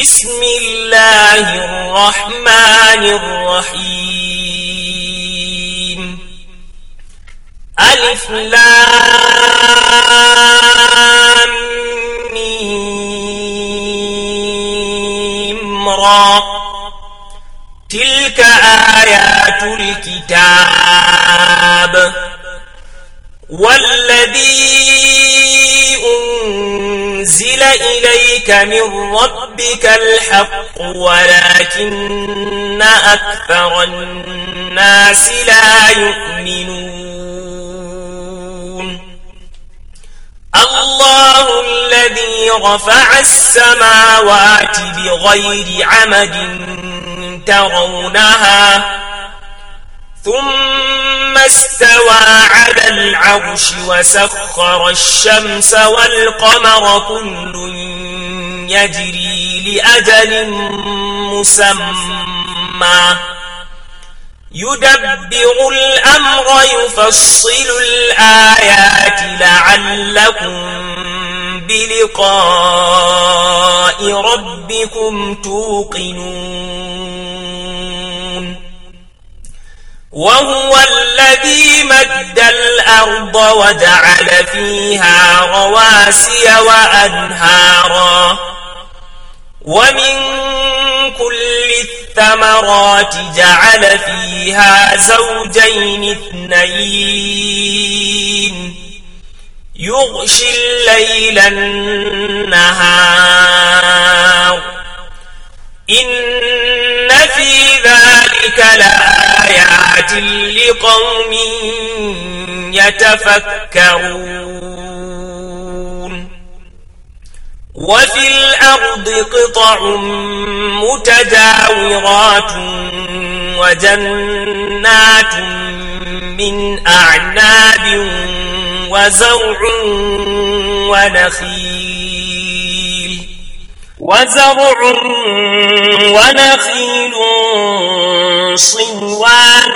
بسم الله الرحمن الرحيم ألف لام ميم را تلك آيات الكتاب والذي أنزل إليك من ربك الحق ولكن أكثر الناس لا يؤمنون الله الذي رفع السماوات بغير عمد ترونها ثم ثم استوى على العرش وسخر الشمس والقمر كل يجري لأجل مسمى يدبر الأمر يفصل الآيات لعلكم بلقاء ربكم توقنون وهو الذي مد الأرض وجعل فيها رواسي وأنهارا ومن كل الثمرات جعل فيها زوجين اثنين يغشي الليل النهار إن في ذلك ذلك لآيات لقوم يتفكرون وفي الأرض قطع متجاورات وجنات من أعناب وزرع ونخيل وزرع ونخيل صنوان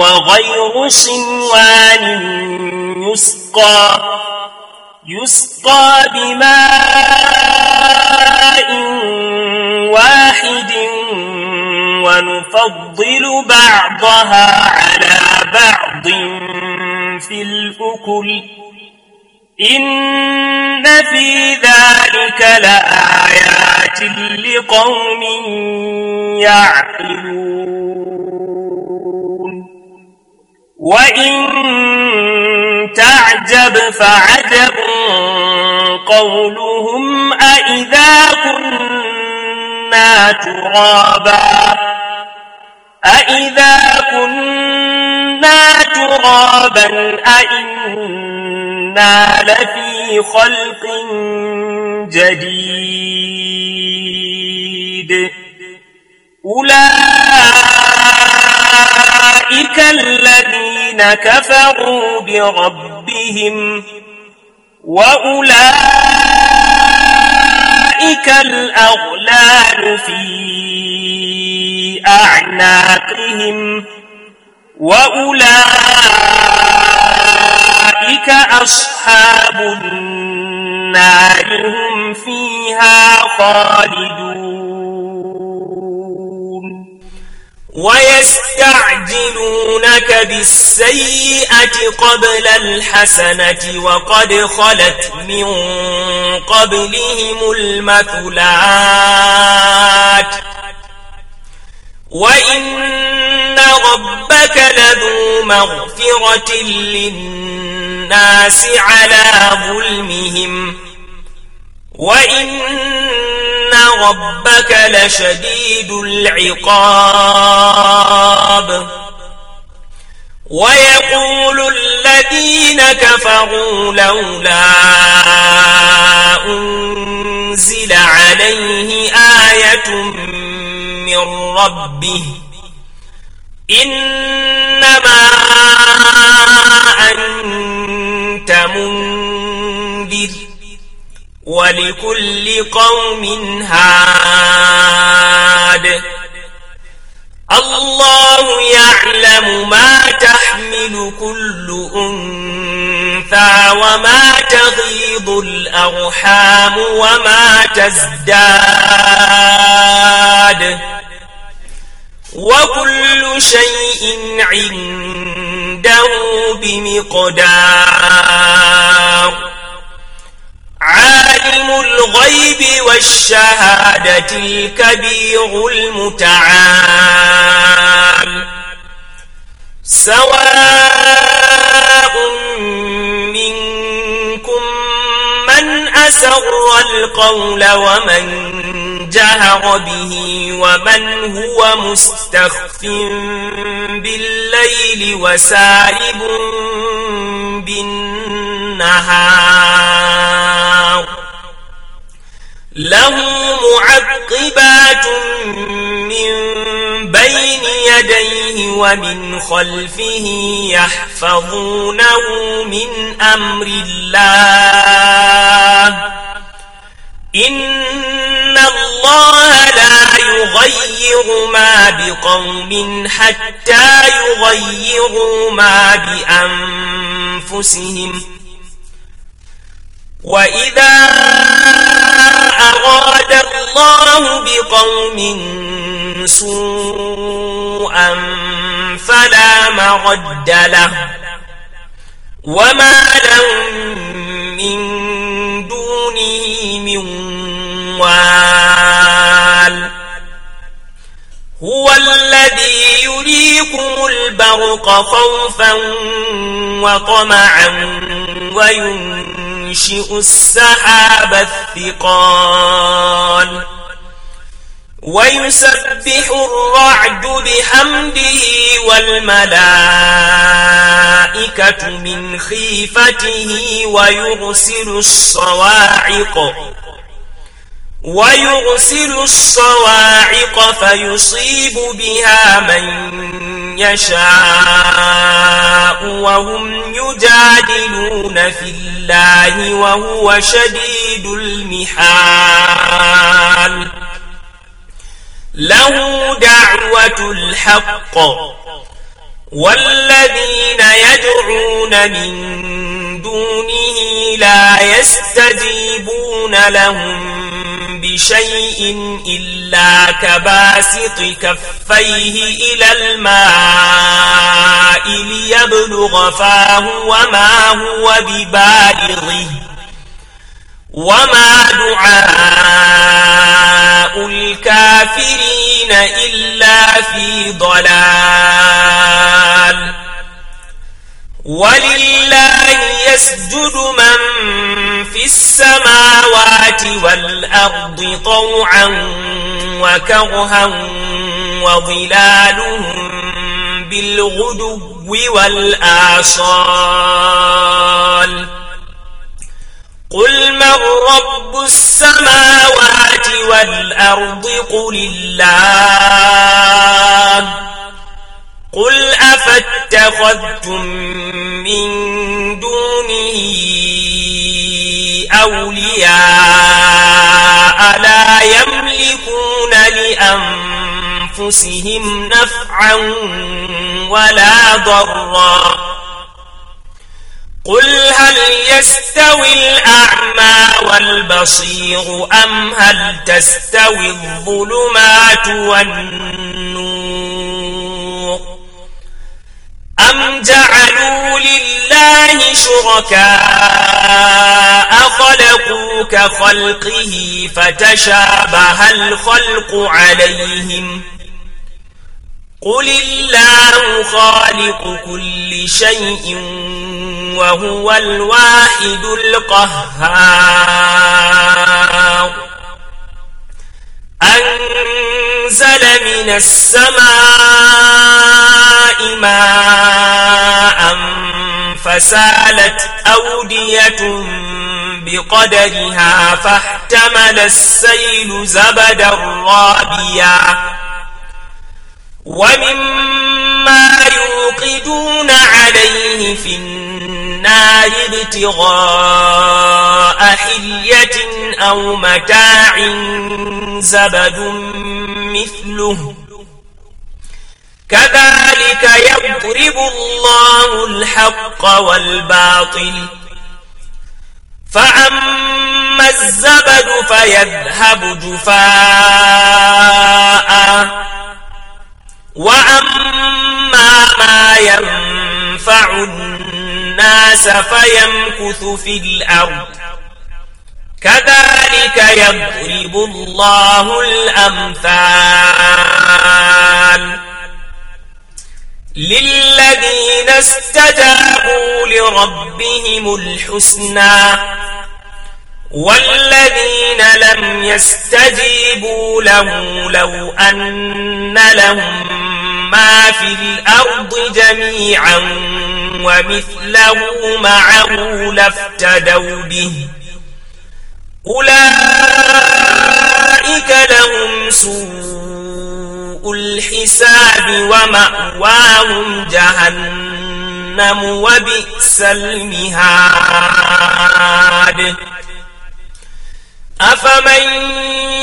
وغير صنوان يسقى يسقى بماء واحد ونفضل بعضها على بعض في الأكل إن في ذلك لآيات لقوم يعقلون وإن تعجب فعجب قولهم أئذا كنا ترابا أئذا كنا ترابا أئنا إنا لفي خلق جديد أولئك الذين كفروا بربهم وأولئك الأغلال في أعناقهم وأولئك أصحاب النار هم فيها خالدون ويستعجلونك بالسيئة قبل الحسنة وقد خلت من قبلهم المثلات وإن إن ربك لذو مغفرة للناس على ظلمهم وإن ربك لشديد العقاب ويقول الذين كفروا لولا أنزل عليه آية من ربه إنما أنت منذر ولكل قوم هاد الله يعلم ما تحمل كل أنثى وما تغيض الأرحام وما تزداد وكل شيء عنده بمقدار عالم الغيب والشهادة الكبير المتعال سواء منكم من أسر القول ومن جهر به ومن هو مستخف بالليل وسارب بالنهار له معقبات من بين يديه ومن خلفه يحفظونه من أمر الله إن إن الله لا يغير ما بقوم حتى يغيروا ما بأنفسهم وإذا أراد الله بقوم سوءا فلا مرد له وما لهم من دونه من الأموال هو الذي يريكم البرق خوفا وطمعا وينشئ السحاب الثقال ويسبح الرعد بحمده والملائكة من خيفته ويرسل الصواعق ويرسل الصواعق فيصيب بها من يشاء وهم يجادلون في الله وهو شديد المحال له دعوة الحق والذين يدعون من دونه لا يستجيبون لهم بشيء إلا كباسط كفيه إلى الماء ليبلغ فاه وما هو ببالغه وما دعاء الكافرين إلا في ضلال ولله يسجد من في السماوات والأرض طوعا وكرها وظلالهم بالغدو والآصال قل من رب السماوات والأرض قل الله قل أفاتخذتم من دونه أولياء لا يملكون لأنفسهم نفعا ولا ضرا قل هل يستوي الأعمى والبصير أم هل تستوي الظلمات والنور أم جعلوا لله شركاء خلقوا كخلقه فتشابه الخلق عليهم قل الله خالق كل شيء وهو الواحد القهار أنزل من السماء ماء فسالت أودية بقدرها فاحتمل السيل زبدا رابيا ومما يوقدون عليه في النار النار ابتغاء حلية أو متاع زبد مثله كذلك يضرب الله الحق والباطل فأما الزبد فيذهب جفاء وأما ما ينفع الناس الناس فيمكث في الأرض كذلك يضرب الله الأمثال للذين استجابوا لربهم الحسنى والذين لم يستجيبوا له لو أن لهم ما في الأرض جميعا ومثله معه لافتدوا به أولئك لهم سوء الحساب ومأواهم جهنم وبئس المهاد أفمن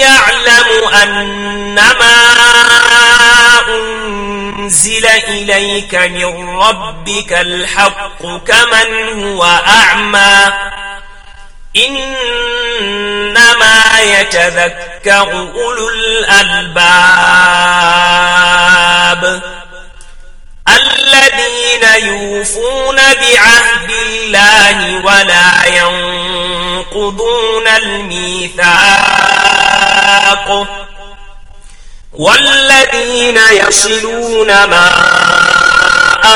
يعلم أنما أنزل إليك من ربك الحق كمن هو أعمى إنما يتذكر أولو الألباب الذين يوفون بعهد الله ولا ينقضون الميثاق والذين يصلون ما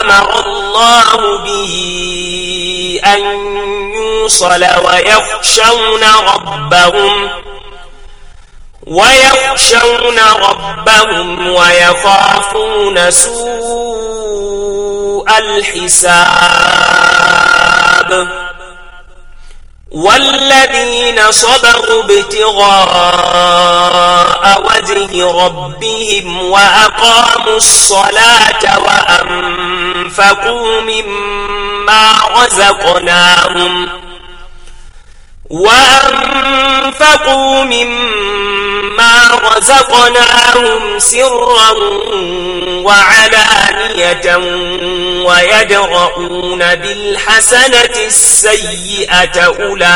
أمر الله به أن يوصل ويخشون ربهم ويخشون ربهم ويخافون سوء الحساب والذين صبروا ابتغاء وجه ربهم وأقاموا الصلاة وأنفقوا مما رزقناهم وأنفقوا مما رزقناهم سرا وعلانية ويدرؤون بالحسنة السيئة أولئك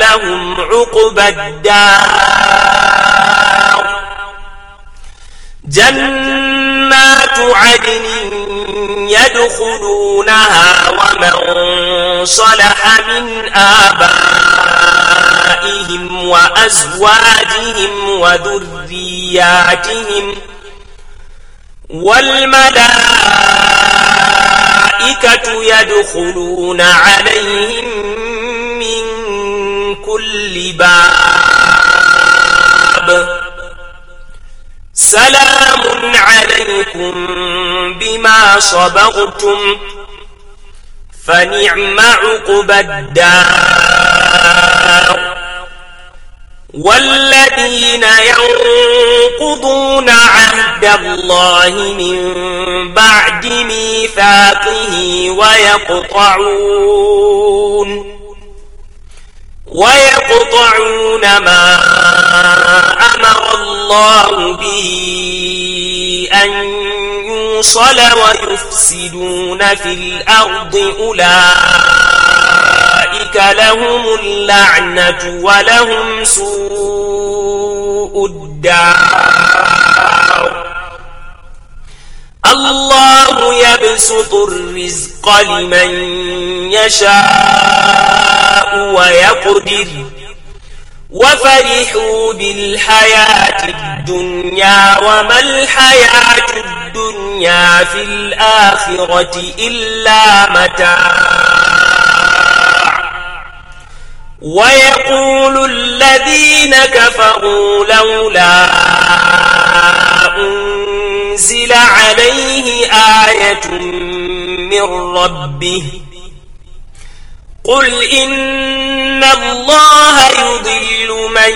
لهم عقبى الدار جنة جنات عدن يدخلونها ومن صلح من آبائهم وأزواجهم وذرياتهم والملائكة يدخلون عليهم من كل باب سلام عليكم بما صبغتم فنعم عقبى الدار والذين ينقضون عهد الله من بعد ميثاقه ويقطعون ويقطعون ما أمر الله به أن يوصل ويفسدون في الأرض أولئك لهم اللعنة ولهم سوء الدار الله يبسط الرزق لمن يشاء ويقدر وفرحوا بالحياة الدنيا وما الحياة الدنيا في الآخرة إلا متاع ويقول الذين كفروا لولا أنزل عليه آية من ربه قل إن الله يضل من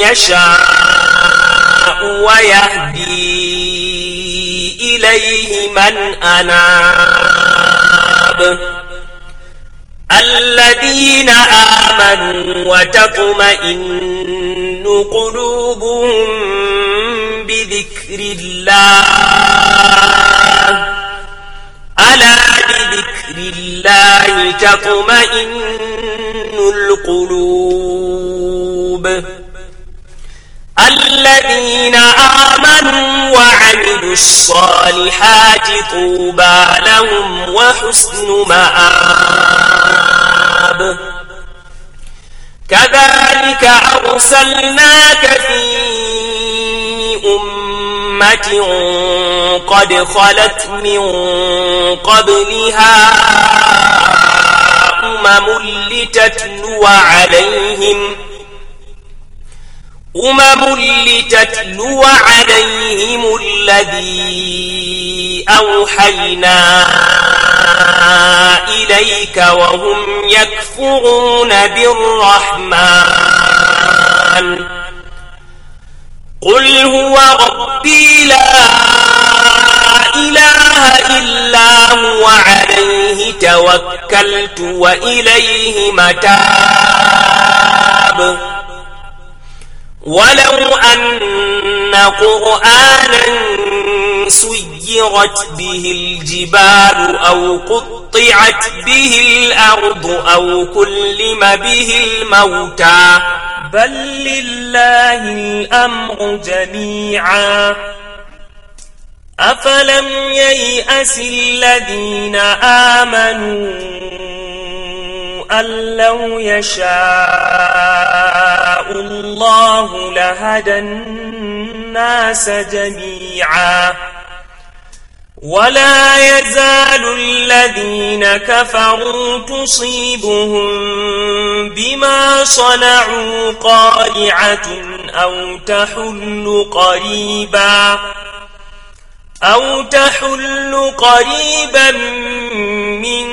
يشاء ويهدي إليه من أناب الذين آمنوا وتطمئن قلوبهم بذكر الله ألا الله تطمئن القلوب الذين آمنوا وعملوا الصالحات طوبى لهم وحسن مآب كذلك أرسلناك في أمة قد خلت من قبلها أمم لتتلو عليهم أمم لتتلو عليهم الذي أوحينا إليك وهم يكفرون بالرحمن قل هو ربي لا إله إلا هو عليه توكلت وإليه متاب ولو أن قرآنا سيرت به الجبال أو قطعت به الأرض أو كلم به الموتى بل لله الأمر جميعا أفلم ييأس الذين آمنوا أن لو يشاء الله لهدى الناس جميعا ولا يزال الذين كفروا تصيبهم بما صنعوا قارعة أو تحل قريبا أو تحل قريبا من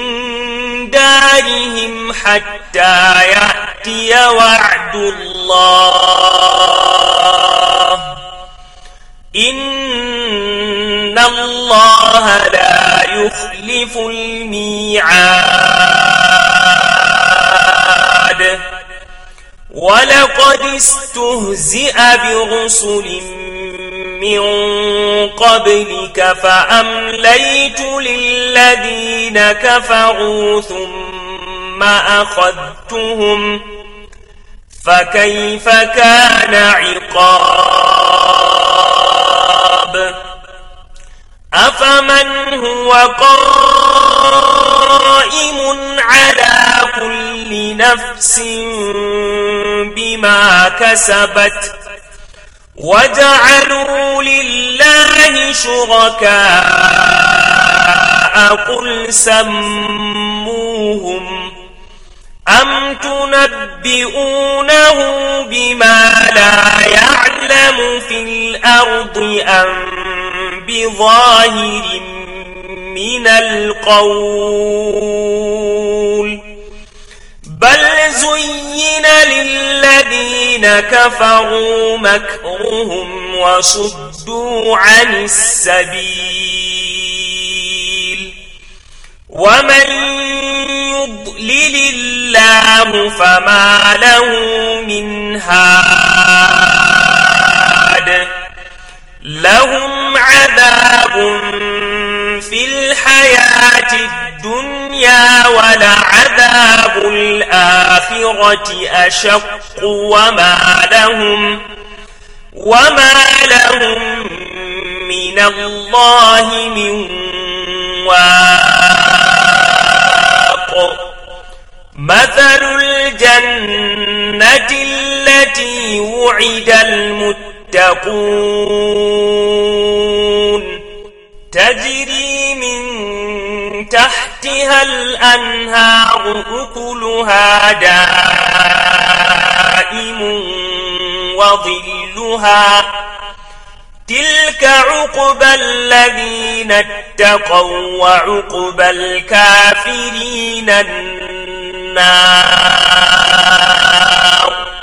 دارهم حتى يأتي وعد الله إن إن الله لا يخلف الميعاد ولقد استهزئ برسل من قبلك فأمليت للذين كفروا ثم أخذتهم فكيف كان عقاب أفمن هو قائم على كل نفس بما كسبت وجعلوا لله شركاء قل سموهم أم تنبئونه بما لا يعلم في الأرض أم بظاهر من القول بل زين للذين كفروا مكرهم وصدوا عن السبيل ومن يضلل الله فما له من هاد لهم عذاب في الحياة الدنيا ولعذاب الآخرة أشق وما لهم وما لهم من الله من واق مثل الجنة التي وعد المتقين تتقون تجري من تحتها الأنهار أكلها دائم وظلها تلك عقبى الذين اتقوا وعقبى الكافرين النار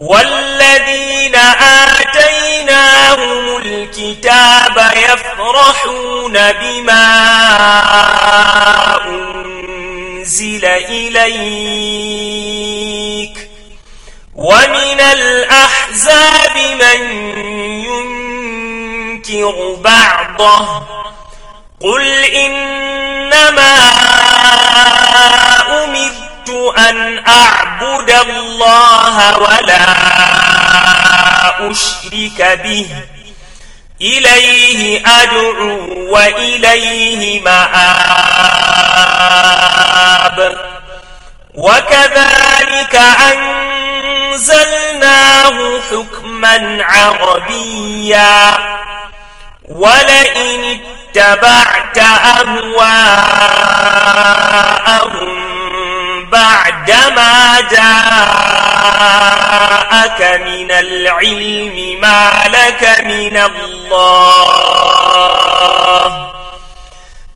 والذين آتيناهم الكتاب يفرحون بما أنزل إليك ومن الأحزاب من ينكر بعضه قل إنما أمر أن أعبد الله ولا أشرك به إليه أدعو وإليه مآب وكذلك أنزلناه حكما عربيا ولئن اتبعت أهواءهم بعدما جاءك من العلم ما لك من الله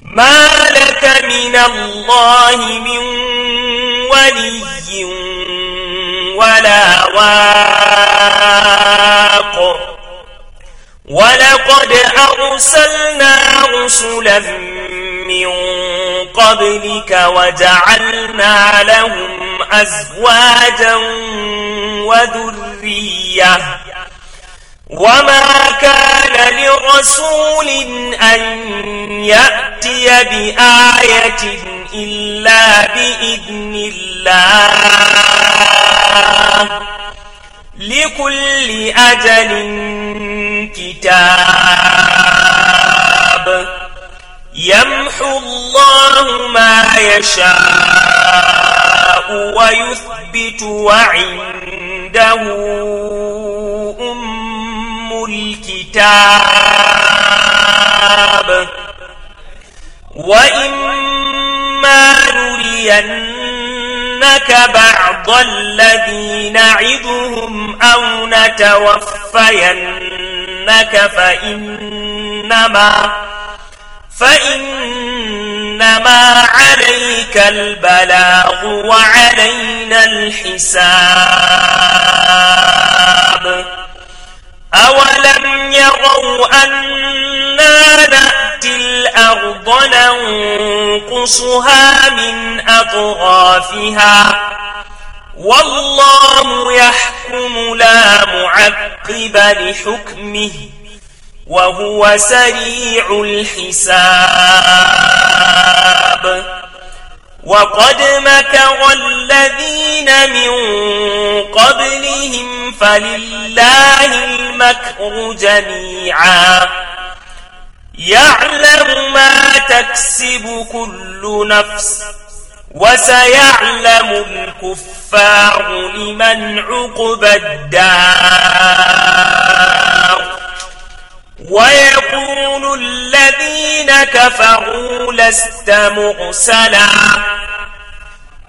ما لك من الله من ولي ولا واق ولقد أرسلنا رسلا من قبلك وجعلنا لهم أزواجا وذرية وما كان لرسول أن يأتي بآية إلا بإذن الله لكل أجل كتاب يمحو الله ما يشاء ويثبت وعنده أم الكتاب وإما نرينك بعض الذي نعدهم أو نتوفينك فإنما فإنما عليك البلاغ وعلينا الحساب أولم يروا أنا نأتي الأرض ننقصها من أطرافها والله يحكم لا معقب لحكمه وهو سريع الحساب وقد مكر الذين من قبلهم فلله المكر جميعا يعلم ما تكسب كل نفس وسيعلم الكفار لمن عقب الدار ويقول الذين كفروا لست مرسلا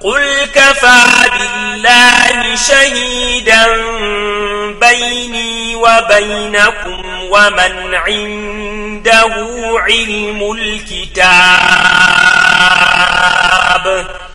قل كفى بالله شهيدا بيني وبينكم ومن عنده علم الكتاب